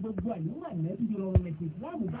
gbogbo àyè wà lẹ́bí rọrùn ẹ̀sìn Islam bá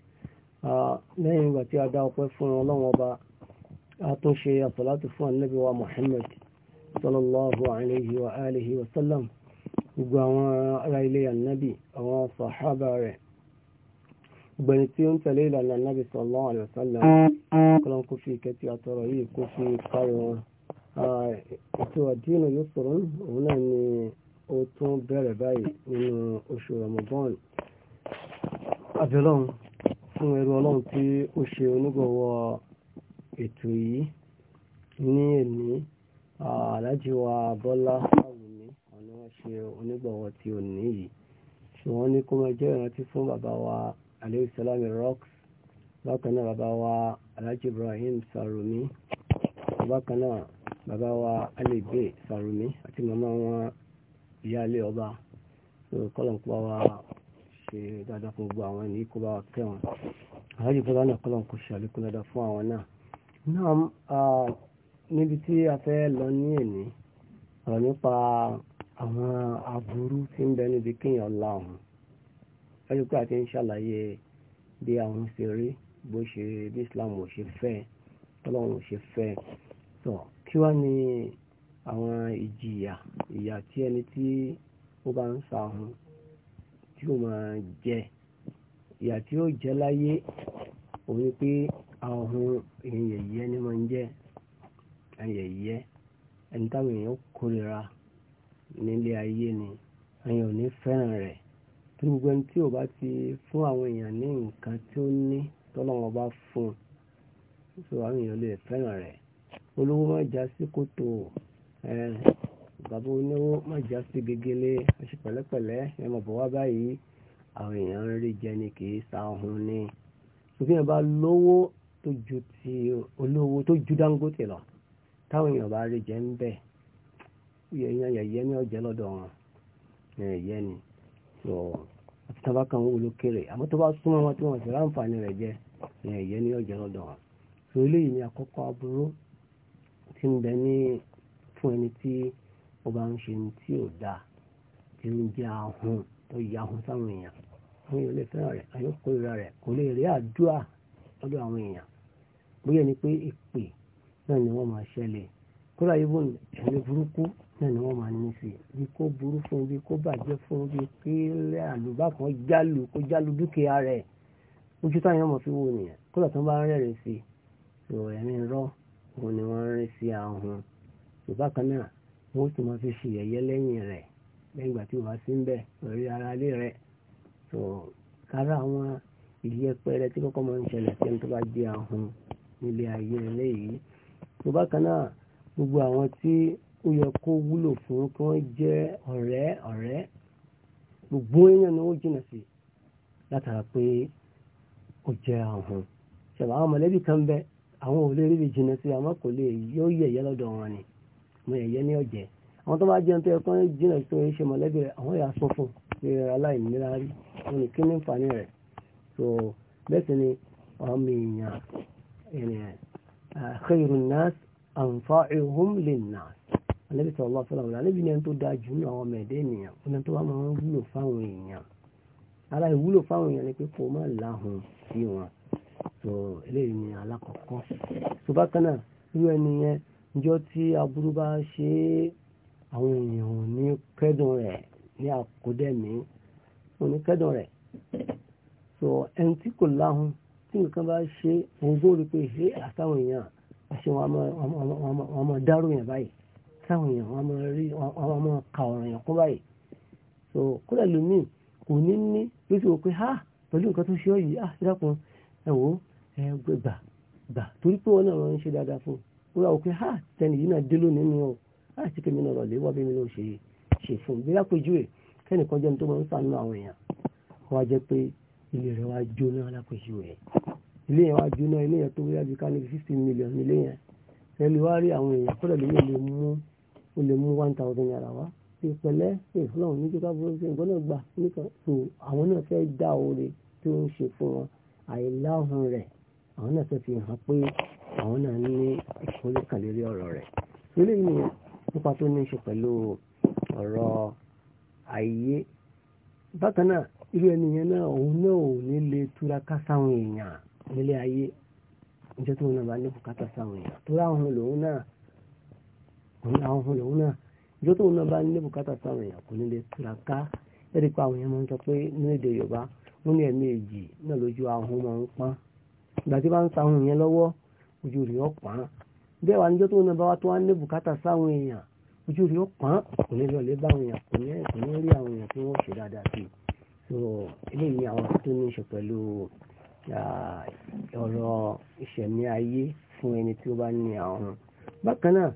lẹ́yìn ìgbà tí a dá ọpẹ́ fún ọlọ́run ọba a tún ṣe àsàlátù fún ànábì wa Muhammad sallallahu alayhi wa alihi wa sallam gbogbo àwọn ará ilé ànábì àwọn sàhábà rẹ̀ gbẹ̀rẹ̀ tí ó ń tẹ̀lé ìlànà ànábì sallallahu alayhi wa sallam kọ́lọ́n fi ìkẹ́tì fún ẹrú ọlọ́run tí ó ṣe onígbọ̀wọ́ ètò yìí ní èní aláàjì wa bọ́lá sàmùmí àwọn ni wọ́n ṣe onígbọ̀wọ́ ti òní yìí ṣùgbọ́n ní kó máa jẹ́ ìrántí fún bàbá wa aleyhi rocks bákan náà bàbá wa aláàjì ibrahim sàrùmí bákan náà bàbá wa alègbè sàrùmí àti màmá wọn ìyáálé ọba kọ́lọ̀ ń pa wa ṣe dáadáa fún gbogbo àwọn ẹni kó bá wa kẹ́ wọn àlájì fúnra náà kọ́lọ́n kò ṣe àlékún dáadáa fún àwọn náà náà níbi tí a fẹ́ lọ ní èní ọ̀rọ̀ nípa àwọn aburú tí ń bẹ níbi kéèyàn la ọ̀hún ẹni pé a ti ń ṣàlàyé bí àwọn ṣe rí bó ṣe bí Islam ò ṣe fẹ́ tọ́lọ́run ò ṣe fẹ́ tọ́ kí wá ní àwọn ìjìyà ìyà tí ẹni tí ó bá ń sa ọ̀hún tí ó máa jẹ ìyà tí ó jẹ láyé òun pé àwọn èèyàn yẹ̀yẹ́ ni máa ń jẹ́ ayẹyẹ ẹni táwọn èèyàn kórira nílé ayé ni àyàn ò ní fẹ́ràn rẹ̀ tí gbogbo ẹni tí ò bá ti fún àwọn èèyàn ní nǹkan tí ó ní tọ́lọ́wọ́n bá fún un tí àwọn èèyàn lè fẹ́ràn rẹ̀ olówó má já sí kòtò ẹ̀ bàbá oníwó má já sí gegele ó ṣe pẹ̀lẹ́pẹ̀lẹ́ ẹ mọ̀ bọ̀ wá báyìí àwọn èèyàn rí jẹ ni kì í sa ohun ni ṣùgbọ́n yẹn bá lówó tó ju ti olówó tó ju Dangote lọ táwọn èèyàn bá rí jẹ ń bẹ̀ èèyàn yẹ̀yẹ́ ní ọ̀jẹ́ lọ́dọ̀ wọn yẹ̀yẹ́ ni so àti tábà kan wọ́n olókèrè àmọ́ tó bá súnmọ́ wọn tí wọ́n sì ráǹfààní rẹ̀ jẹ yẹ̀yẹ́ ní ọ̀jẹ́ lọ́dọ̀ wọn so eléyìí ni àkọ́kọ́ aburú tí ń bẹ ní fún ẹni tí ó bá ń ṣe tí ò dáa tí ó ń jẹ́ ahun tó yẹ ahun sáwọn èèyàn àwọn èèyàn lè fẹ́ràn rẹ̀ àyàn kórìíra rẹ̀ kò lè rí àdúrà lọ́dọ̀ àwọn èèyàn bóyá ni pé ìpè náà ni wọ́n máa ṣẹlẹ̀ kóra yìí bọ́ọ̀lù ẹ̀mí burúkú náà ni wọ́n máa ní sí bí kò burú fún bí kò bàjẹ́ fún bí kí àlùbá kan jálù kó jálù dúkìá rẹ̀ ojú táyà mọ̀ fi wò nìyẹn kódà tó bá rẹ́rìn sí i ẹ̀mí rọ́ òun ni wọ́n rẹ́ sí ahun ìbákan náà wọ́n sì máa fi ṣe yẹ̀yẹ́ lẹ́yìn rẹ̀ lẹ́yìn ìgbà tí wọ́n sí ń bẹ̀ lórí ara ilé rẹ̀ tó kára àwọn ìyẹpẹrẹ tí kọ́kọ́ máa ń ṣẹlẹ̀ sí ẹni tó bá jẹ́ ahun nílé ayé eléyìí tó bákan náà gbogbo àwọn tí ó yẹ kó wúlò fún kí wọ́n jẹ́ ọ̀rẹ́ ọ̀rẹ́ gbogbo èèyàn ni wọ́n jìnà sí látara pé ó jẹ́ ahun ṣẹ̀bà àwọn mọ̀lẹ́bí kan bẹ àwọn ò lè rí jìnà sí àmọ́ kò lè yóò yẹ̀yẹ́ lọ́dọ̀ wọn ni àwọn ẹ̀yẹ ní ọ̀jẹ̀ àwọn tó bá jẹun tó yẹ kó jìnà tó yẹ ṣe mọ̀lẹ́bí rẹ̀ àwọn ẹ̀yà sọ fún ṣe aláìníra rí wọn ni kí ní nfààní rẹ̀ so bẹ́ẹ̀ sì ni ọmọ èèyàn ènìyàn khairu nas anfa'uhum linnas anabi sallallahu alaihi wasallam anabi ni tó dáa jù ní àwọn ọmọ ẹ̀dẹ́ ènìyàn fún ẹni tó wá máa ń wúlò fáwọn èèyàn ara ìwúlò fáwọn èèyàn ni pé kò má láhùn sí wọn so eléyìí ni alákọ̀ọ́kọ́ so bákan náà irú ẹni yẹn níjọ́ tí aburú bá ṣe é àwọn èèyàn ò ní kẹ́dùn rẹ̀ ní àkódẹ́mí ò ní kẹ́dùn rẹ̀ so ẹni tí kò láhùn tí nǹkan bá ṣe òun gbóòrò pé ṣé àtàwọn èèyàn àṣẹ wọn máa dárò yẹn báyìí táwọn èèyàn wọn máa rí wọn máa ka ọ̀rọ̀ yẹn kún báyìí so kódà lómìn kò ní ní bí ó ti wò pé ha pẹ̀lú nǹkan tó ṣe ọ́ yìí ah ṣe dákun ẹ̀ wò ẹ̀ gbà gbà torí pé wọn náà wọn ń ṣe dáadáa fún un wúra òkè ha tẹni yìí náà dé lónìí o láì ah, sí kí mi náà lọlé wá bí mi náà ṣe ṣe fún mi bí lápẹjù ẹ kẹ́nìkan jẹ́ mi tó máa ń sànú àwọn èèyàn wá jẹ́ pé ilé rẹ̀ wá jóná lápẹjù ẹ ilé yẹn wá jóná ilé yẹn tó wíyá bí ká ní fifty million ilé yẹn ẹni wá rí àwọn èèyàn kọ́dọ̀ lè lè mú o lè mú one thousand naira wá ìpẹ̀lẹ́ ìfúnnáwó ní kíkà burú sí ìgbọ́n náà gbà níkan tó àwọn náà fẹ́ dá oore tí ó ń ṣe fún wọn àìláhùn rẹ̀ àwọn náà fẹ́ fi hàn pé àwọn náà ní ìforíkàlérí ọ̀rọ̀ rẹ̀ lórí ní nípa tó ní ṣe pẹ̀lú ọ̀rọ̀ ayé bákan náà irú ẹni yẹn náà òun náà ò ní lè túraká sáwọn èèyàn nílé ayé ìjọ tó náà bá ní bùkátà sáwọn èèyàn tó ráhùn lòun náà ìjọ tó náà bá ní bùkátà sáwọn èèyàn kò ní lè túraká ẹ̀rí pa àwọn èèyàn máa ń sọ pé ní èdè Yorùbá wọ́n ní ẹ̀mí èjì náà lójú ahun máa ń pọ́n ìgbà tí bá ń sa ohun yẹn lọ́wọ́ ojú rẹ̀ ọ̀pọ̀n bẹ́ẹ̀ wà níjọ́ tó ń bá wa tó wá ní bùkátà sáwọn èèyàn ojú rẹ̀ ọ̀pọ̀n kò ní lọlé bá àwọn èèyàn kò ní kò ní rí àwọn èèyàn tí wọ́n ṣe dáadáa sí so eléyìí àwọn tó ní ṣe pẹ̀lú ọ̀rọ̀ ìṣẹ̀mí ayé fún ẹni tí ó bá ní àwọn bákan náà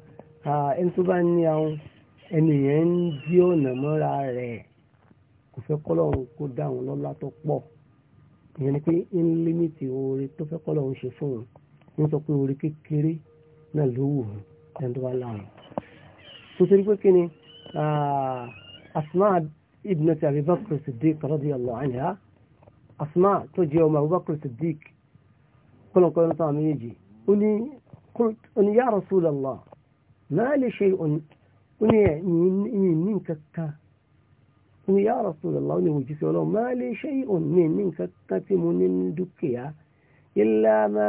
ẹni tó bá ní àwọn ẹnìyẹn ń dí ọ̀nà mọ́ra rẹ̀ kò fẹ́ kọ́lọ́run kó dá àwọn lọ́lá tó pọ̀ ìyẹn ni pé ń límìtì oore tó fẹ́ kọ́lọ́run ṣe fún un ń sọ pé orí kékeré náà ló wù ú ẹni tó bá láàrùn tó torí pé kí ni asma ibnati abubakar siddiq radiyallahu anha asma tó jẹ́ ọmọ abubakar siddiq kọ́lọ̀kọ́lọ́ náà sáwọn méjì ó ní ya rasulallah ma li shay'un ó ní ẹ̀yìn ní nǹkan kan ni ya rasulallah ni òjísí ọlọ́run ma li shay'un ní nǹkan kan tí mo ní dúkìá illa ma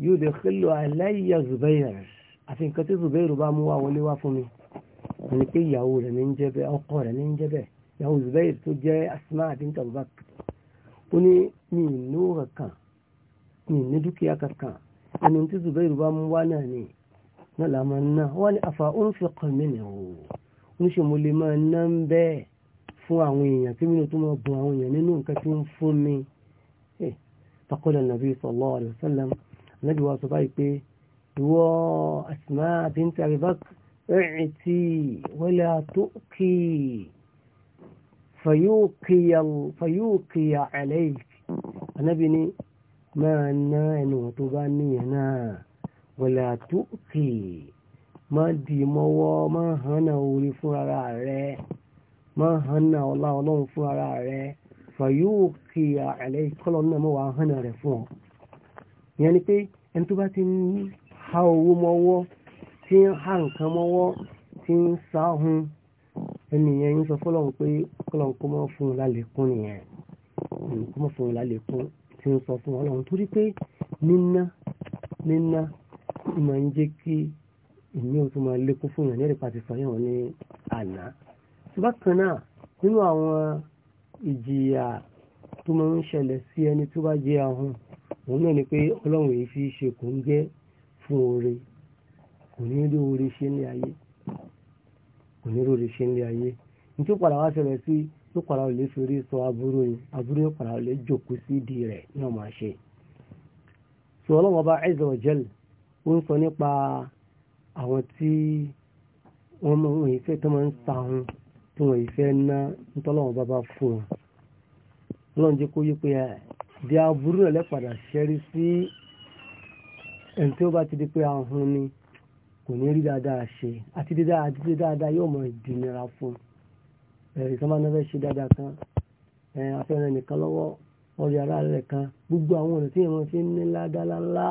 yóò dé kílò aláìyá zubair àfi nǹkan tí zubair bá mú wá wọlé wá fún mi wọn ni pé ìyàwó rẹ̀ ní ń jẹ́ bẹ́ẹ̀ ọkọ rẹ̀ ní ń jẹ́ bẹ́ẹ̀ ìyàwó zubair tó jẹ́ asma bint abubakar ó ní mi ì ní òwò kan mi ì ní dúkìá kankan ẹni tí zubair bá mú wá náà ni náà là máa ná ni àfà ó ń fi kàn mí nì o ń ṣe mo lè máa ná ń bẹ́ẹ̀ fún àwọn èèyàn tí mi ò tún máa bùn àwọn èèyàn nínú nǹkan tí ń fún mi. فقال النبي صلى الله عليه وسلم Ànábì wa sọ báyìí pé ìwọ Asma bint Abi Bakr i'ti wala tu'ki fayuqiya alayk Ànábì ní máa ná ẹnu tó bá níyàn náà wala tu'ki má dì mọ́wọ́ má hànà orí fún ara rẹ̀ má hànà ọlá ọlọ́run fún ara rẹ̀ fayuqiya alayk kọ́lọ́ náà mọ́ hànà rẹ̀ fún ọ ìyẹn ni pé ẹni tó bá ti ń ha owó mọ́wọ́ tí ń ha nǹkan mọ́wọ́ tí ń sáhun ẹnìyẹn ń sọ fọlọ́run pé fọlọ́run kó mọ́ fún un lálẹ́kún nìyẹn kó mọ́ fún un lálẹ́kún tí ń sọ fún ọlọ́run torí pé níná níná máa ń jẹ́ kí ìní o máa lékún fún ìyàn lẹ́rìí pàtí sọ yẹ̀wọ̀n ní àná bákan náà nínú àwọn ìjìyà tó máa ń ṣẹlẹ̀ sí ẹni tó bá jẹ́ ahun òun náà ni pé ọlọ́run yìí fi ṣe kò ń gẹ́ fún oore kò ní rí oore ṣe ní ayé kò ní rí oore ṣe ní ayé padà wá ṣẹlẹ̀ sí padà olè sọ aburú ni aburú yóò padà olè jòkó sí ìdí rẹ̀ ṣe. sọ ọlọ́run ọba azza wa o ó ń sọ nípa àwọn tí wọ́n mọ ìfẹ́ tó máa ń sa tí wọ́n ìfẹ́ bí aburú rẹ̀ lẹ́padà ṣẹ́rí sí ẹni tí ó bá ti di pé ahun ni kò ní rí dáadáa ṣe àti dídá àti dáadáa yóò mọ̀ ìdìnnira fún ẹ̀rì kan máa ń fẹ́ ṣe dáadáa kan afẹ́rẹ́ nìkan lọ́wọ́ ọ̀rẹ́ ara rẹ̀ kan gbogbo àwọn ọ̀nà tí ìran fi ń ní ládàá ńlá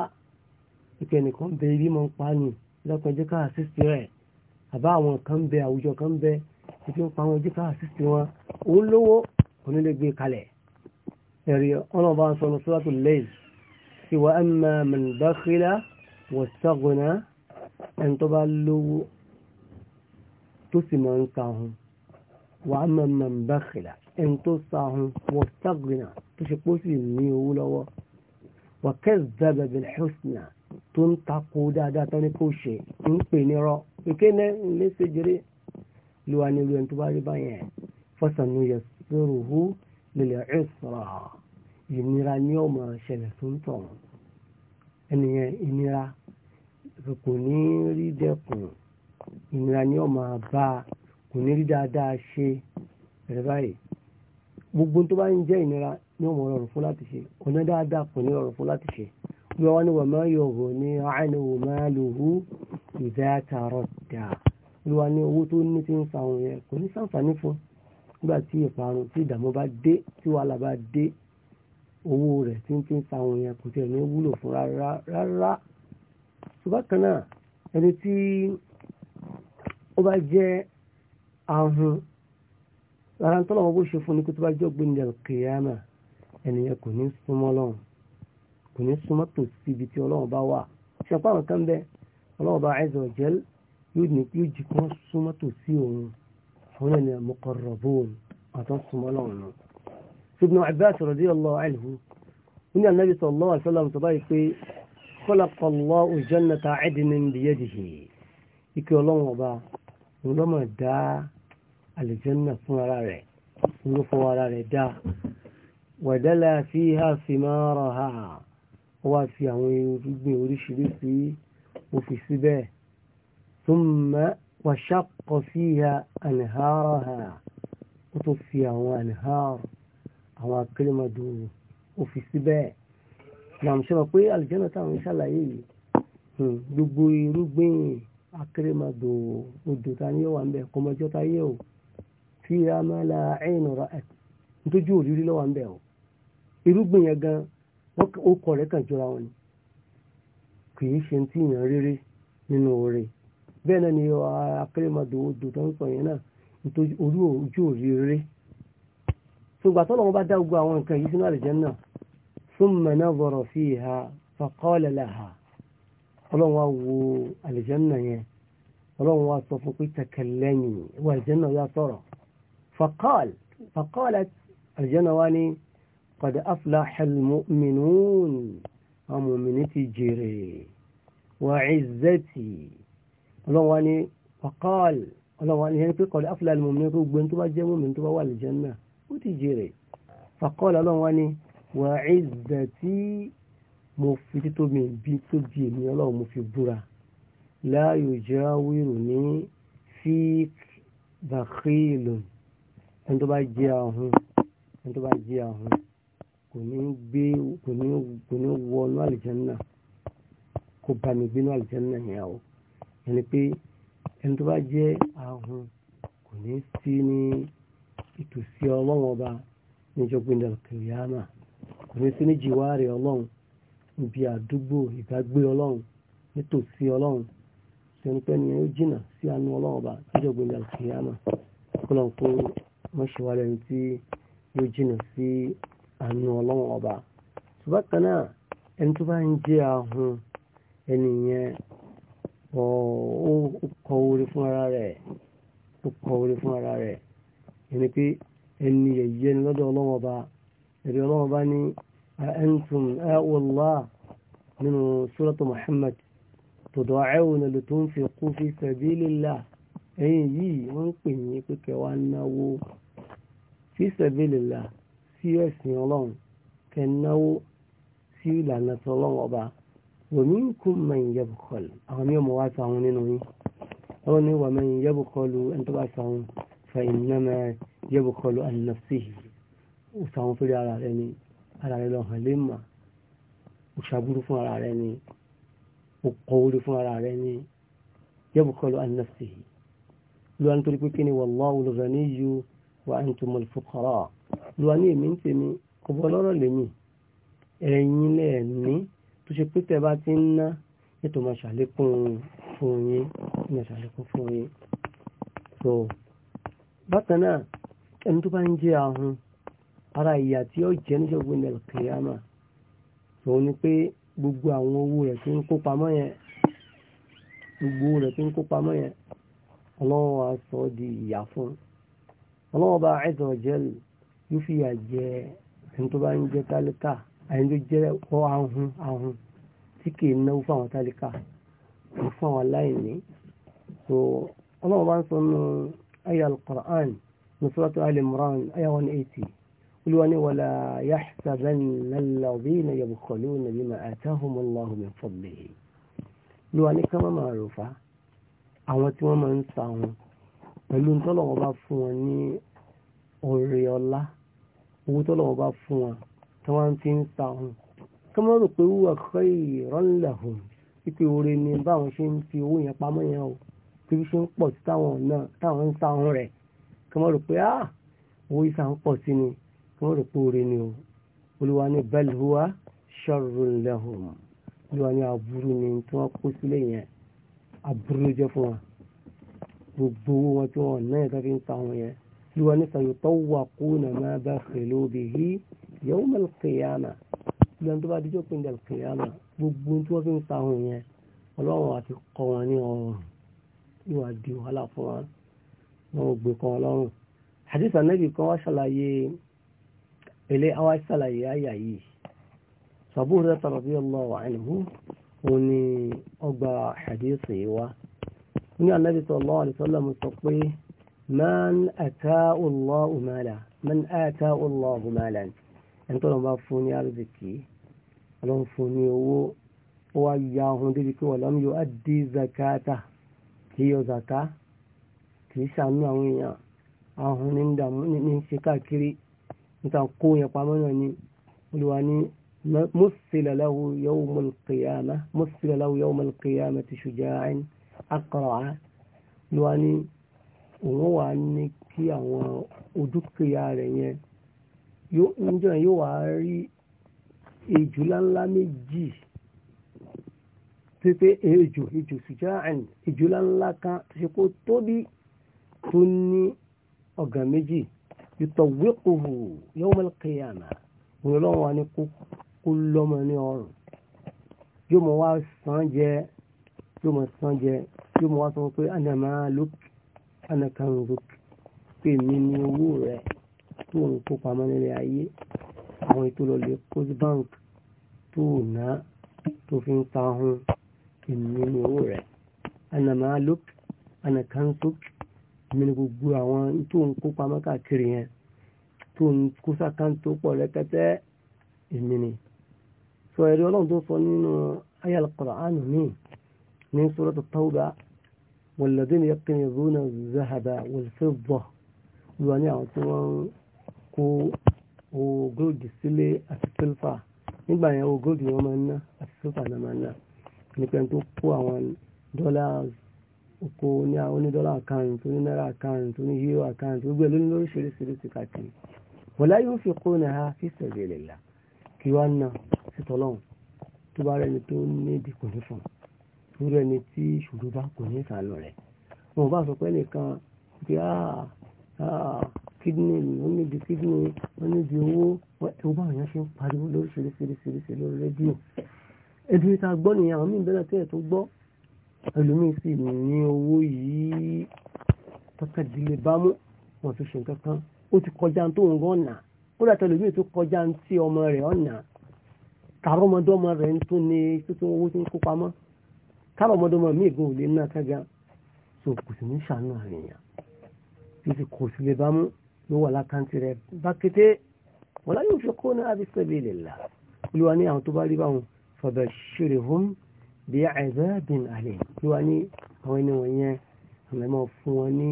ìpè nìkan bẹ ibi mọ̀ ń pa nì lọ́kàn jẹ́ ká àṣìṣe rẹ̀ àbá àwọn kan bẹ àwùjọ kan bẹ ìfi ń pa wọn jẹ́ ká àṣìṣe wọn òun lówó onílé gbé kalẹ̀ ẹ̀rí ọlọ́ọ̀bá ń sọ ní sọ́lá tó lẹ́yìn sí wa amma man bakhila wastaghna ẹni tó bá lówó tó sì máa ń sahun wa amma man bakhila ẹni tó sahun wastaghna tó ṣe pọ́ ní owó lọ́wọ́ wa kazzaba lílẹ̀ ẹ̀sọ̀rọ̀ ìnira ní ọmọ ṣẹlẹ̀ tó ń tọ̀ ẹnìyẹn ìnira kò ní rí dẹ́kun ìnira ní ọmọ bá kò ní rí dáadáa ṣe rẹ̀ báyìí gbogbo tó bá ń jẹ́ ìnira ní ọmọ rọrùn fún láti ṣe ọ̀nà dáadáa kò ní rọrùn fún láti ṣe bí wọ́n ní wọ́n máa yọ̀ wọ́n ní àánúwò máa lò hú ìdá tààrọ̀ dà ló wà ní owó tó ní ti ń fa yẹn kò ní sàǹfààní fún un nígbà tí ìparun tí ìdààmú bá dé tí wàhálà bá dé owó rẹ̀ tí ń fi ń ta àwọn yẹn kò tiẹ̀ ní wúlò fún rárá rárá ṣùgbọ́n kan náà ẹni tí ó bá jẹ́ ahun rárá ń tọ́lọ̀ wọn bó ṣe fún ni kó tó bá jọ́ gbé nílẹ̀ kìíyàmà ẹnìyẹn kò ní súnmọ́ lọ́hùn kò ní súnmọ́ tòsí ibi tí ọlọ́run bá wà ṣàpá àwọn kan bẹ ọlọ́run bá ẹ̀zọ̀ jẹ́ yóò jí kí wọ́n súnmọ́ tòsí òun àwọn ẹni al-muqarrabun àtọ́ súnmọ́ lọ́wọ́ lọ. Ibn Abbas radiyallahu anhu ní Ànábì sallallahu alaihi wasallam sọ báyìí pé khalaqa Allahu jannata adnin biyadihi ike ọlọ́run ọba òun lọ́mọ dá àlùjánnà fún ara rẹ̀ òun fún ara rẹ̀ dá wa dala fiha thimaraha ó wá fi àwọn irúgbìn oríṣiríṣi ó fi síbẹ̀ thumma وشق فيها أنهارها وتوفي وأنهار أو كلمة دون وفي سباع نعم شبكوي الجنة إن شاء الله يجي gbogbo irúgbìn akérèmọdò odò ta ni yóò wà ń bẹ kọmọjọ ta yẹ o fi amala ẹyìn ọ̀rọ̀ ẹ nítorí òrírí lọ wà ń bẹ o irúgbìn yẹn gan ó kọ rẹ kàn jọra wọn ni kì í ṣe ti yàn rere nínú oore bẹ́ẹ̀ náà ni akérèmọdò odò tó ń sọ yẹn náà nítorí orí ojú òrí rere ṣùgbà tó lọ́wọ́ bá dá gbogbo àwọn nǹkan yìí sínú àlùjánnà thumma nazara fiha faqala laha ọlọ́run wá wo àlùjánnà yẹn ọlọ́run wá sọ fún pé takallami wà àlùjánnà yá sọ̀rọ̀ faqalat àlùjánnà wá ní qad aflaha al àwọn mọ̀mìnì ti jèrè wa izzati ọlọ́run wá ní ọ̀kọ́ọ̀l ọlọ́run wá ní ẹni pé kọ̀lẹ́ afúlàlì mọ̀mí tó gbé tó bá jẹ́ mọ̀mí tó bá wà lè jẹ́nà ó ti jèrè fàkọ́ọ̀l ọlọ́run wá ní wà ìzẹ̀ tí mo fi títóbi bí tó bí èmi ọlọ́run mo fi búra láàyò jẹ́ wíìrù ní fíìk bàkílùn tó bá jẹ́ ahun kò ní gbé kò ní kò bá mi gbénú àlìjẹ́nà yẹn o. ẹni pé ẹni tó bá jẹ́ ahun kò ní sí ní ìtòsí ọlọ́run ọba níjọ́ gbẹ̀ndẹ̀ kìrìyàmà kò ní sí ní jìwárì ọlọ́run níbi àdúgbò ìgbàgbé ọlọ́run nítòsí ọlọ́run sẹ́nipẹ́ni si jìnà sí àánú ọlọ́run ọba níjọ́ gbẹ̀ndẹ̀ kìrìyàmà kó lọ́n kó mọ́ṣíwálẹ̀ ní tí yóò jìnà sí àánú ọlọ́run ọba ṣùgbọ́n kan náà ẹni tó bá ń ahun ẹni ó kọ orí fún ara rẹ̀ ó kọ orí fún ara rẹ̀ ẹni pé ẹni yẹ̀yẹ́ ni lọ́dọ̀ ọlọ́wọ́ bá ẹ̀rí ọlọ́wọ́ bá ní ẹ̀ńtùm ẹ̀wọ̀lá nínú suratu Muhammad tada'una litunfiqu fi sabilillah ẹ̀yìn yìí wọ́n ń pè yín pé kẹwa náwó fi sabilillah sí ẹ̀sìn ọlọ́run kẹ náwó sí ìlànà tọ́lọ́wọ́ ومنكم من يبخل أهم يوم واسعون نوي أون ومن يبخل أنت واسعون فإنما يبخل عن نفسه وسعون في على رأني على رأيه لما وشابور فون على رأني وقول فون على رأني يبخل عن نفسه لو أن تركني والله الغني وأنتم الفقراء لو أني من تمي قبل رأني ẹ̀yin lẹ́ẹ̀ni tó ṣe pé tẹ́ bá ti ń ná ètò máa ṣàlékún fún yín máa ṣàlékún fún yín so bákan náà ẹni tó bá ń jẹ ahun ara ìyà tí ó jẹ níṣẹ́ ògbó ní ẹlẹ́kẹ̀yàmà so ni pé gbogbo àwọn owó rẹ̀ tó ń kó pamọ́ yẹn gbogbo rẹ̀ tó ń kó pamọ́ yẹn ọlọ́wọ́ wa sọ di ìyà fún ọlọ́wọ́ bá ẹ̀dọ̀ jẹ́ yóò fìyà jẹ ẹni tó bá ń jẹ tálíkà àyìn tó jẹ́ ọ ahun ahun tí kì í náwó fáwọn tálíkà fún àwọn aláìní so ọlọ́run bá ń sọ nù ayé al-Qur'an ní suratu al-Imran ayé one eighty olúwa ní wàlá yahsabanna alladhina yabkhuluna bima atahum Allahu min fadlihi olúwa ní ká má máa àwọn tí wọ́n máa ń sa wọn pẹ̀lú tọ́lọ́wọ́ bá fún wọn ní ọ̀rẹ́ ọlá owó tọ́lọ́wọ́ bá fún wọn tí wọ́n fi ń ta òun kí wọ́n rò pé wúwà kọ́ ìrọ́lẹ̀ òun wípé oore ni báwọn ṣe ń fi owó yẹn pamọ́ yẹn o bí ṣe ń pọ̀ sí táwọn náà táwọn ń ta òun rẹ̀ kí wọ́n rò pé ah owó ìsà ń pọ̀ sí ni kí pé oore ni o olúwa ní bal huwa sharrun lahum olúwa ní aburú ni tí wọ́n kó sílẹ̀ yẹn aburú jẹ́ fún wọn gbogbo owó wọn tí wọ́n náà yẹn tó fi ń ta òun yẹn olúwa ní sayutawwaquna ma bakhilū yawmal qiyamah lẹ́nu tó bá dijọ́ pé ní alqiyama gbogbo tí wọ́n fi ń ta ohun yẹn ọlọ́run àti kọ́ wọn ní ọrùn ìwà di wàhálà fún wọn wọn ò gbé kan ọlọ́run hadith anabi kan wá ṣàlàyé ilé awa ṣàlàyé àyà yìí Abu Hurairah radiyallahu anhu òun ni ọgbà hadith yìí wá ní anabi sallallahu alaihi wasallam sọ pé man ata'u Allahu malan man ata'u Allahu malan ẹni tó lọ́n bá fún ní arzikì ọlọ́run fún ní owó ó wá ya ohun débi pé wọ́n lọ́n yóò adé zakata kì í yọ zaka kì í ṣàánú àwọn èèyàn ahun ní dàmú ní ṣe káàkiri níta kó yẹn pamọ́ náà ni olùwà ní mọ́sílẹ̀ láwù yawmal qiyamah mọ́sílẹ̀ láwù yawmal qiyamah ti shuja'an aqra'a olùwà ní òun wà ní kí àwọn odúkìá rẹ̀ yẹn níjọ́ yẹn yóò wá rí ejò ńláńlá méjì pépé ejò ejò sùjá àìn ejò ńláńlá kan tó ṣe kó tóbi tó ní ọ̀gàn méjì ìtọ̀wékòwò yawmal qiyamah òun lọ́wọ́ wa ní kó lọ́mọ ní ọrùn yóò mọ̀ wá sàn jẹ yóò mọ̀ sàn jẹ yóò mọ̀ wá sọ pé ànàmà lókè ànàkàrùn lókè pèmí ní owó rẹ̀ tó ń kó pamọ́ nílé ayé àwọn ètò lọ lè coast bank tó ná tó fi ń pa ohun ìnínú owó rẹ̀ anàmà lók anàkánsók mi ni gbogbo àwọn tó ń kó pamọ́ káàkiri yẹn tó ń kó sàkántó pọ̀ rẹpẹtẹ ìmìnì sọ ẹ̀rí ọlọ́run tó sọ nínú aya quran mi ní suratu Tawbah walladhina yaknizuna az-zahaba wal-fidda lọ́wọ́ ní àwọn tí wọ́n ń kó owó góòdì sílé àti sílfà nígbà yẹn owó góòdì wọn máa ń ná àti sílfà náà máa ń ná nípa tó kó àwọn dọ́là oko ní àwọn onídọ́là àkáǹtì ní náírà Account tó ní euro Account tó gbé lónìí lóríṣiríṣiríṣi káàkiri wala yunfiqunaha fi sabilillah kí wá ná sítọ́lọ́hún tó bá rẹni tó níbi kò ní fún tó rẹni tí ìṣòro bá kò ní ìsàlọ̀ rẹ̀ wọn bá sọ pé nìkan pé áà ah, ah, Kidney, ni ó níbi kídínì ó níbi owó ẹ̀wọ́n báwọn èèyàn ṣe ń pariwo lóríṣiríṣiríṣiríṣi lórí rédíò ẹ̀dùn ìta gbọ́ nìyẹn àwọn míì bẹ́ẹ̀ tẹ́ẹ̀ tó gbọ́ ẹlòmíì sì ní owó yìí tọ́kẹ́dìlẹ̀ bámú wọn tó ṣe nǹkan kan ó ti kọjá tó ń gan ọ̀nà ó dàtọ̀ ẹlòmíì tó kọjá tí ọmọ rẹ̀ ọ̀nà kàrọ́mọdọ́mọ rẹ̀ ń tó ní tuntun owó tó ń kó pamọ́ kàrọ́mọdọ́mọ míì gan òde náà kága so kò sì ní ṣàánú àríyàn kò sì lè bámú ló wà lákàntì rẹ̀ bá kété wọ́n láyé òfin kó náà bí sabilillah olúwa ní àwọn tó bá rí báwọn fabashirhum bí azabin alim olúwa ní àwọn ẹni wọ̀nyẹn àmọ́ ẹ̀mọ́ fún wọn ní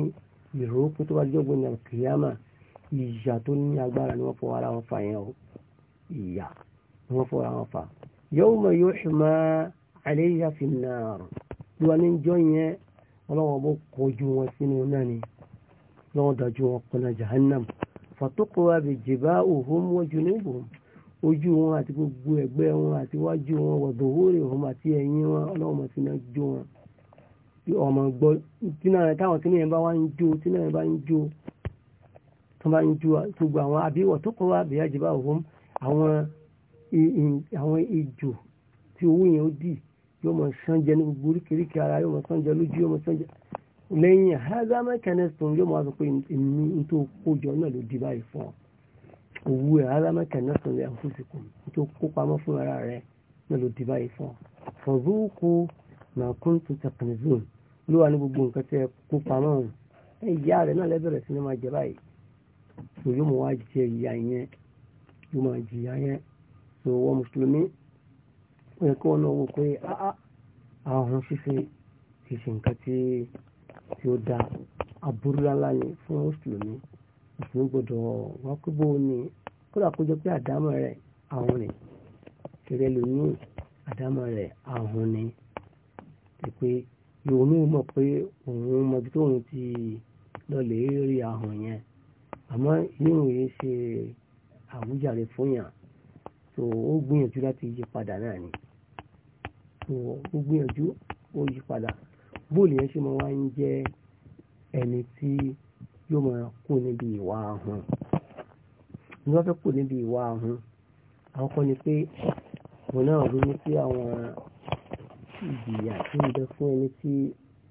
ìró kó tó bá jọ́gbọ́n ní kìyàmà ìyà tó ní agbára ni wọ́n fọwọ́ ara wọn fà yẹn o ìyà ni wọ́n fọwọ́ ara wọn fà yawma yuhma alayha fin nar olúwa ní jọ́ yẹn ọlọ́wọ́ bó kojú wọn sínú náà ni lọ́wọ́ dájú wọn kọ́nà jahannam fàtókòwà bí jìbá òhun wọ́jú níbò ojú wọn àti gbogbo ẹ̀gbẹ́ wọn àti wájú wọn wọ̀dọ̀wórè wọn àti ẹ̀yìn wọn ọlọ́wọ́mọ̀ tí náà jó wọn ọmọ gbọ́ táwọn tí náà bá wá ń jó tí náà bá ń jó tó bá ń jó gbogbo àwọn àbí wọ̀tókòwà bí jìbá òhun àwọn ìjò tí owó yẹn ó dì yóò mọ̀ sánjẹ ní gbogbo oríkèéríkèé ara yóò mọ̀ sánjẹ lójú yóò mọ̀ sánjẹ lẹ́yìn haza mẹ́kẹ́nẹ́sùn yóò máa sọ pé ní tó kójọ náà ló di báyìí fún ọ òwú ẹ̀ haza mẹ́kẹ́nẹ́sùn lè àfúsìkò tó kó pamọ́ fún ara rẹ̀ náà ló di báyìí fún ọ fọ̀zúkú nàkún tó tẹkùnzùn ló wà ní gbogbo nǹkan tẹ kó pamọ́ ẹ ìyá rẹ̀ náà lẹ́bẹ̀rẹ̀ sí ni máa jẹ báyìí ó yẹ kó wọn náà wò pé àwọn ṣíṣe ti nǹkan tí tí ó dá aburúlálá ni fún mùsùlùmí mùsùlùmí gbọdọ̀ wá pé bó ni kódà kó jẹ́ pé àdámọ̀ rẹ̀ àwọn ni kẹrẹ lómi àdámọ̀ rẹ̀ àwọn ni pé yòówù mi mọ̀ pé òun mọbi tóun ti lọlẹ̀ rí ahùn yẹn àmọ́ yíyún yìí ṣe àwùjáre fún yàn so ó gbìyànjú láti yí padà náà ni so ó gbìyànjú ó yí padà bóòlù yẹn ṣe máa wá ń jẹ́ ẹni tí yóò máa kú níbi ìwà ahun ní wọ́n fẹ́ kú níbi ìwà ahun àwọn kan ni pé òun náà rí ní sí àwọn ìjìyà tó ń bẹ fún ẹni tí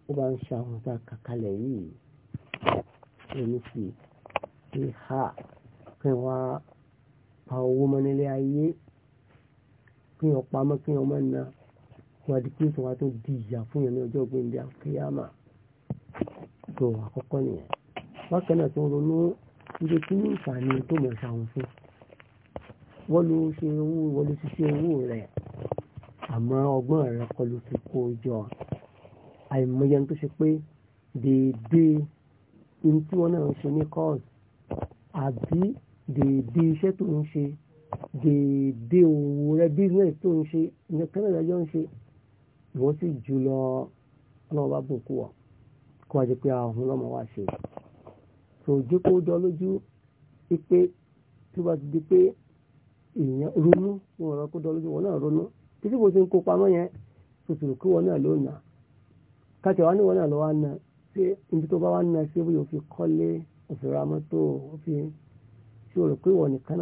ó bá ń ṣe àwọn tá a yìí ẹni sì pé ha pé wá pa owó mọ́ nílé ayé pé ọ̀pá mọ́ pé ọmọ náà wọn di pé sọ wa tó di ìyà fún yẹn ní ọjọ́ gbẹ̀ndé àkíyàmà tó àkọ́kọ́ nìyẹn bákan náà tó ronú ibi tí ní ìfàní tó mọ̀ ṣàwọn fún wọ́n ló ṣe owó wọ́n ló ṣiṣẹ́ owó rẹ̀ àmọ́ ọgbọ́n rẹ̀ kọ́ ló fi kó jọ àìmọye tó ṣe pé déédéé ní tí wọ́n náà ń ṣe ní kọ́ọ̀sì àbí déédéé iṣẹ́ tó ń ṣe déédéé owó rẹ̀ bísíǹnẹ̀sì tó ń ṣe ìyẹn kẹ́lẹ́ ń ṣe wọ́n sì jù lọ ọlọ́wọ́ bá bòkú wọ̀ kó wá jẹ́ pé àwọn ọlọ́mọ wá ṣe tó jẹ́ kó jọ lójú pípé tí wọ́n ti di pé èèyàn ronú wọn ọ̀rọ̀ kó jọ lójú wọn náà ronú títí bó ti ń kó pamọ́ yẹn tuntun kí wọn náà ló nà káàkiri wọn ní wọn náà ló wá ṣé ibi tó bá ṣé bóyá òfin kọ́lé òfin o rò pé wọn nìkan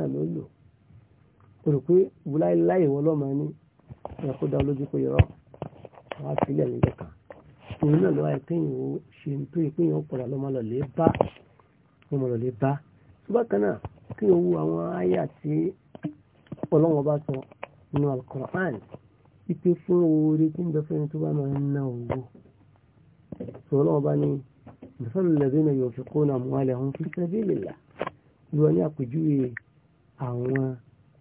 o rò pé wúláìláì wá sílẹ̀ níjọ kan òun náà lọ́wọ́ ẹ̀kẹ́yìn ó ṣe ń tó ìpínyìn ọ̀pọ̀lọ̀ lọ́mọlọ́lẹ́ bá lọ́mọlọ́lẹ́ bá bákan náà kí o wo àwọn àyà tí ọlọ́wọ́ bá sọ nínú Al-Qur'an ipe fún oore tí ń bẹ fún ẹni tó bá máa ń ná owó sọ ọlọ́wọ́ bá ní ìfẹ́lú lẹ́bí náà yóò fi kó náà mú alẹ́ àwọn fi sabilillah ìwọ ní àpèjúwe àwọn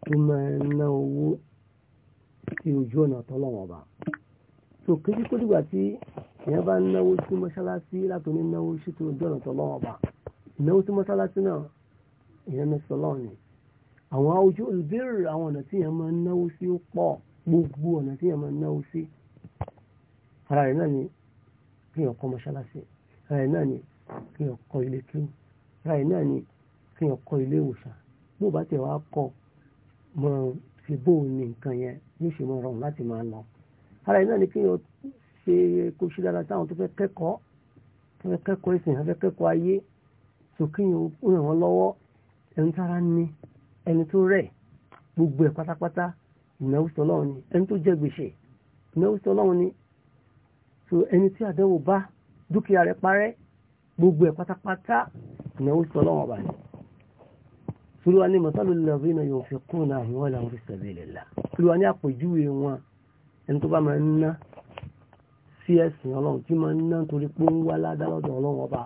tó máa ń ná owó sí ojú ọ̀nà tọ́lọ́wọ́ bá so kéjì kó dìgbà tí èèyàn bá náwó sí mọ́ṣáláṣí látò ní náwó sí tó ọba ìnáwó sí mọ́ṣáláṣí náà èèyàn ni àwọn ojú olùbéèrè àwọn ọ̀nà tí èèyàn máa ń náwó sí ó pọ̀ gbogbo ọ̀nà tí èèyàn máa ń náwó sí ara rẹ̀ náà ni kéèyàn kọ́ mọ́ṣáláṣí ara rẹ̀ náà ni kọ́ ilé kí ara rẹ̀ náà ni kọ́ ilé ìwòsàn bó bá tẹ̀ wá ara iná ni kí yóò ṣe kó ṣe dára táwọn tó fẹ́ kẹ́kọ̀ọ́ tó fẹ́ kẹ́kọ̀ọ́ ìsìn àfẹ́ kẹ́kọ̀ọ́ ayé tó kí yóò ràn wọ́n lọ́wọ́ ẹni tára ní ẹni tó rẹ̀ gbogbo ẹ̀ pátápátá ìnáwó sọlọ́run ni ẹni tó jẹ gbèsè ìnáwó sọlọ́run ni so ẹni tí àdánwò bá dúkìá rẹ̀ parẹ́ gbogbo ẹ̀ pátápátá ìnáwó sọlọ́run ọba ni tuluwa ni masalul ladhina yunfiquna amwalahum fi ẹni tó bá máa ń ná sí ẹ̀sìn ọlọ́run tí máa ń ná torí pé ó ń wá ládàlọ́dọ̀ ọlọ́run ọba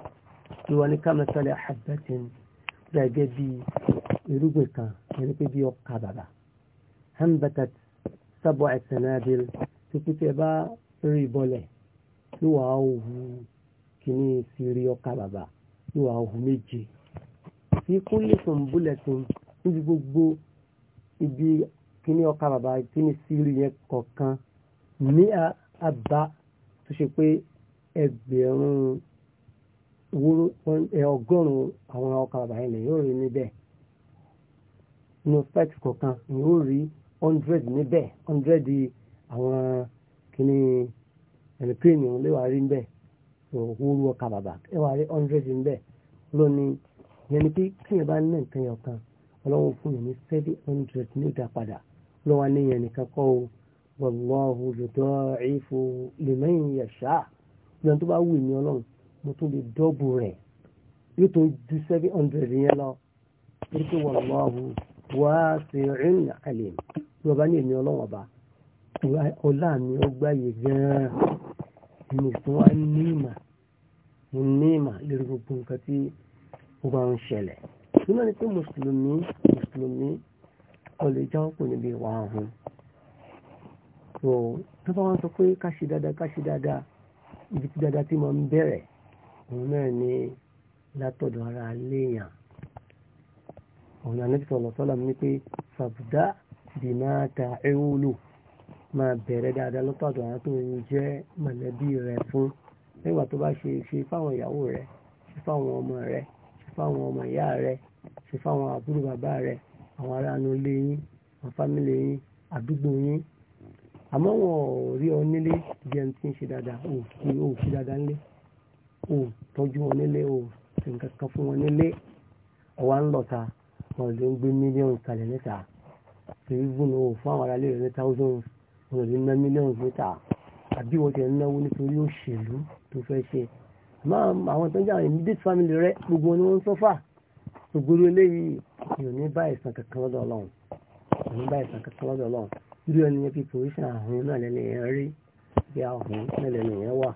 tí wọ́n ní kámẹ́sàlẹ̀ àbẹ́tìn gẹ́gẹ́ bí irúgbìn kan ẹni pé bí ọkà bàbà hambatat sábọ̀ ẹ̀sẹ̀nàdìl títí tẹ bá rí bọ́lẹ̀ tí wà á hù kíní sí rí ọkà bàbà tí wà á hù méje fi kúnlẹ̀ tó ń búlẹ̀ níbi gbogbo ibi kíní ọkà bàbà kíní sí rí yẹn kọ̀ọ̀kan ní àbá tó ṣe pé ẹgbẹ̀rún wúrú ọgọ́rùn-ún àwọn ọkà bàbá ilẹ̀ yóò rí níbẹ̀ inú fẹ́ẹ̀tì kọ̀ọ̀kan yóò rí 100 níbẹ̀ 100 àwọn kìíní ẹ̀lẹ́pìnì òun léwà rí níbẹ̀ wúrú ọkà bàbá ẹwà rí 100 níbẹ̀ lónìí yẹn ni pé kíyàn bá ní nǹkan yọ̀kan ọlọ́run fún yẹn ní 700 ní ìdá lọ́wọ́ ní yẹn nìkan kọ́ o wallahu yudaifu liman yasha lẹ́nu tó bá wù mí ọlọ́run mo tún lè dọ́bù rẹ̀ yóò tó ju seven hundred yẹn lọ torí pé wallahu wasi'un alim lọ́ba ní èmi ọlọ́run ọba ọlá mi ó gbáyé gan-an èmi tún wá ní ìmọ̀ mo ní ìmọ̀ lórí gbogbo nǹkan tí ó bá ń ṣẹlẹ̀ nínú ni pé mùsùlùmí mùsùlùmí ọlẹ́jà ń pè níbi ìwà ọ̀hún so tó bá wọn sọ pé ká ṣe dáadáa ká dáadáa ibi tí dáadáa ti máa ń bẹ̀rẹ̀ òun náà ni látọ̀dọ̀ ara léèyàn òun náà nípa ọ̀lọ́ sọ́lá mi pé fàbùdá bì máa ta ewúlò máa bẹ̀rẹ̀ dáadáa lọ́tọ̀dọ̀ àwọn tó ń jẹ́ mọ̀lẹ́bí rẹ̀ fún nígbà tó bá ṣe ṣe fáwọn ìyàwó rẹ̀ ṣe fáwọn ọmọ rẹ̀ ṣe fáwọn ọmọ ìyá rẹ̀ ṣe fáwọn àbúrò bàbá rẹ̀ àwọn aráàlú lé yín àwọn fámìlì yín àdúgbò yín àmọ́ wọn ò rí ọ nílé jẹun tí ń ṣe dáadáa ò fi ò fi dáadáa nílé ò tọ́jú wọn nílé ò fi nǹkan kan fún wọn nílé ọ̀wá ń lọ̀ta wọn ò lè ń gbé mílíọ̀nù kalẹ̀ níta èyí gbóná ò fún àwọn aráalé rẹ̀ ní thousands wọn ò lè ná mílíọ̀nù níta àbí wọn ti ẹ̀ náwó nítorí òṣèlú tó fẹ́ ṣe àmọ́ àwọn tó ń jà ní this family rẹ gbogbo wọn ni wọ́n ń sọ́fà gbogbo eléyìí irú ẹni yẹn fi pòríṣàn àhún náà lẹ́nu yẹn rí bí àhún náà lẹ́nu yẹn wà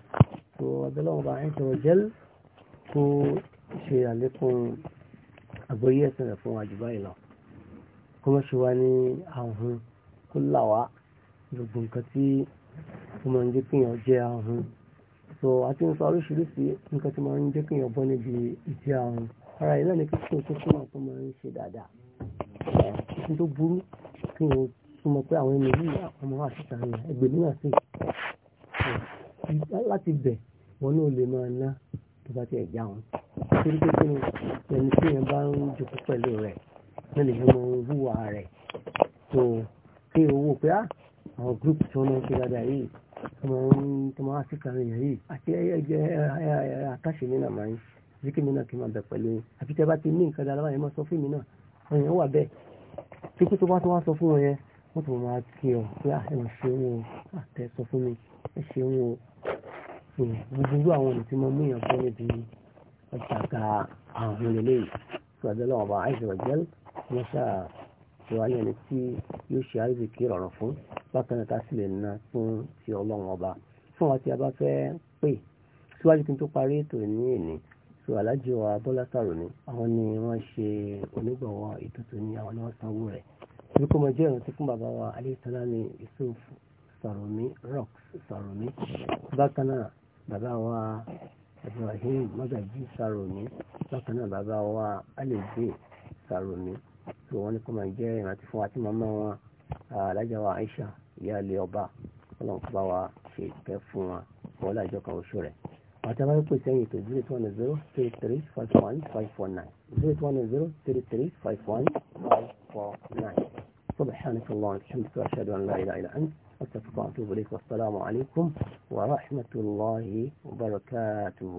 tó abẹ́lọ́wọ́ bá ń sọ̀rọ̀ jẹ́l kó ṣe àlékún àgbóyé ẹ̀sìn rẹ̀ fún wa jù báyìí lọ kó mọ̀ ṣe wá ní àhún kó là wá gbogbo nǹkan tí ó máa ń jẹ́ kéèyàn jẹ́ àhún so àti ń sọ oríṣiríṣi nǹkan tí máa ń jẹ́ kéèyàn bọ́ níbi ìdí àhún ara ìlànà kíkún tó súnmọ́ tó máa ń ṣe dáadáa tó burú kí tún mọ̀ pé àwọn ẹni yìí ọmọ wa síta yẹn ẹgbẹ́ nígbà láti bẹ̀ wọn náà lè máa ná tó bá ti ẹ̀já wọn torí pé kí ni ẹni tí yẹn bá ń jókòó pẹ̀lú rẹ̀ náà yẹn mọ hùwà rẹ̀ tó kí owó pé á ah, àwọn gúrúùpù tí wọ́n máa ń ṣe dáadáa yìí tó máa ń síta yẹn yìí àti ẹ̀jẹ̀ àtàṣe mi máa ń ṣe kí mi kí máa bẹ̀ pẹ̀lú yẹn àfi tẹ́ bá ti ní nǹkan dáadáa báyẹn máa sọ fún mi náà wà bẹ́ẹ̀ tí kò tó bá tó wá sọ fún wọn yẹn wọ́n ti máa kí ọ pé ah, ẹ ṣe wọn o àtẹ ah, sọ fún mi ẹ ṣe wọn o gbogbo àwọn ọ̀nà tí mo mú èèyàn bọ́ níbi ọjà ga àwọn eléyìí tó àjọlọ ọba àìsàn ọjọ́ wọn ṣáà tó ayé ẹni tí yóò ṣe àríwíkì rọrùn fún bákan náà sì lè na fún ti ọlọ́run ọba fún wa tí a bá fẹ́ pè síwájú kí n tó parí ètò ní èní tó alájọ abọ́lá sàrò ni àwọn ni wọ́n ṣe onígbọ̀wọ́ ètò tó àwọn ni wọ́n sanwó rẹ̀ tí kò mọ jẹ́ ìrántí fún bàbá wa aléṣàlámì Yusuf sàrùmí rox sàrùmí bákan bàbá wa Ibrahim magaji sàrùmí bákan náà bàbá wa alèjè sàrùmí tí wọ́n ní kò mọ jẹ́ ìrántí fún wa tí màmá wọn alájà wa Aisha ìyá ilé ọba ọlọ́run bá wa ṣe ìkẹ́ fún wa wọ́n láìjọ kan oṣù rẹ̀. Partamayı bu sen yıkı. 0 1 0 3 3 سبحانك الله الحمد لله أن لا إله إلا أنت أستغفرك وأتوب إليك والسلام عليكم ورحمة الله وبركاته.